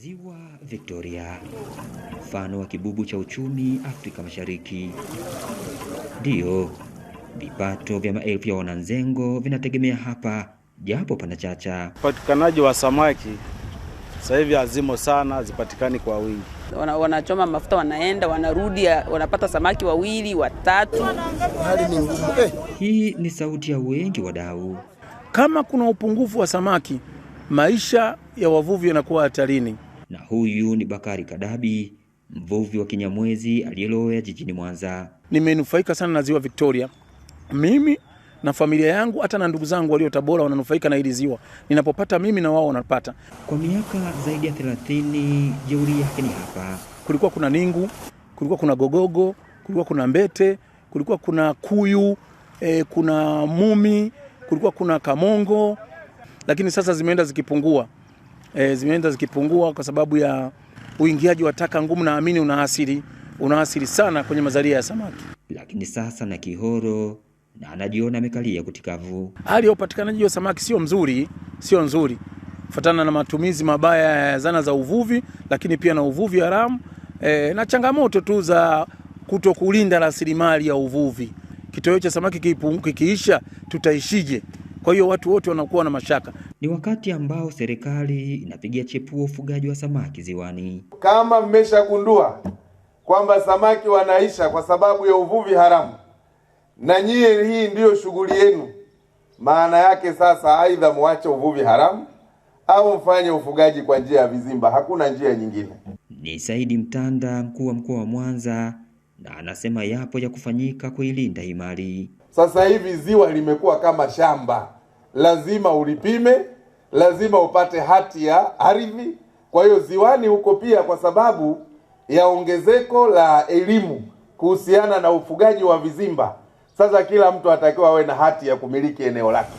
Ziwa Victoria, mfano wa kibubu cha uchumi Afrika Mashariki. Ndiyo, vipato vya maelfu ya wananzengo vinategemea hapa, japo pana chacha. Upatikanaji wa samaki sasa hivi azimo sana, zipatikani kwa wingi. Wanachoma wana mafuta, wanaenda wanarudi, wanapata samaki wawili watatu. Hali ni ngumu. Eh, hii ni sauti ya wengi wadau. Kama kuna upungufu wa samaki, maisha ya wavuvi yanakuwa hatarini na huyu ni Bakari Kadabi, mvuvi wa Kinyamwezi aliyelowea jijini Mwanza. Nimenufaika sana na ziwa Victoria, mimi na familia yangu, hata na ndugu zangu walio Tabora wananufaika na hili ziwa. Ninapopata mimi na wao wanapata. Kwa miaka zaidi ya 30 jeuri yake ni hapa. Kulikuwa kuna ningu, kulikuwa kuna gogogo, kulikuwa kuna mbete, kulikuwa kuna kuyu e, kuna mumi, kulikuwa kuna kamongo, lakini sasa zimeenda zikipungua e, zimeenda zikipungua kwa sababu ya uingiaji wa taka ngumu, naamini unaasiri unaasiri sana kwenye mazalia ya samaki. Lakini sasa na kihoro na anajiona amekalia kutikavu. Hali ya upatikanaji wa samaki sio mzuri, sio nzuri kufuatana na matumizi mabaya ya zana za uvuvi, lakini pia na uvuvi haramu e, na changamoto tu za kuto kulinda rasilimali ya uvuvi. Kitoweo cha samaki kikiisha, tutaishije? Kwa hiyo watu wote wanakuwa na mashaka. Ni wakati ambao serikali inapigia chepuo ufugaji wa samaki ziwani. Kama mmeshagundua kwamba samaki wanaisha kwa sababu ya uvuvi haramu na nyie hii ndiyo shughuli yenu, maana yake sasa, aidha muache uvuvi haramu au mfanye ufugaji kwa njia ya vizimba. Hakuna njia nyingine. Ni Saidi Mtanda, mkuu wa mkoa wa Mwanza, na anasema yapo ya kufanyika kuilinda himari. Sasa hivi ziwa limekuwa kama shamba, lazima ulipime, lazima upate hati ya ardhi. Kwa hiyo ziwani huko pia, kwa sababu ya ongezeko la elimu kuhusiana na ufugaji wa vizimba, sasa kila mtu atakiwa awe na hati ya kumiliki eneo lake.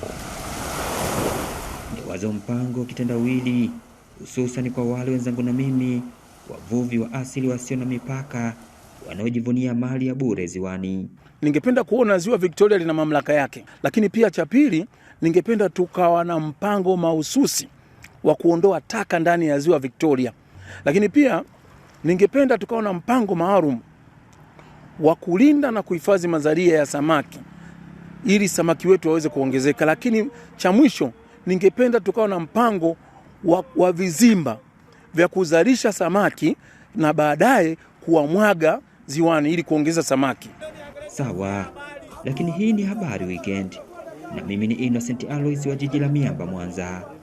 Ni wazo mpango kitenda kitendawili, hususani kwa wale wenzangu na mimi wavuvi wa asili wasio na mipaka wanaojivunia mali ya bure ziwani. Ningependa kuona ziwa Victoria lina mamlaka yake, lakini pia cha pili, ningependa tukawa na mpango mahususi wa kuondoa taka ndani ya ziwa Victoria, lakini pia ningependa tukawa na mpango maalum wa kulinda na kuhifadhi mazalia ya samaki ili samaki wetu waweze kuongezeka. Lakini cha mwisho, ningependa tukawa na mpango wa, wa vizimba vya kuzalisha samaki na baadaye kuwamwaga ziwani ili kuongeza samaki. Sawa, lakini hii ni habari Weekend na mimi ni Innocent Alois wa jiji la Miamba, Mwanza.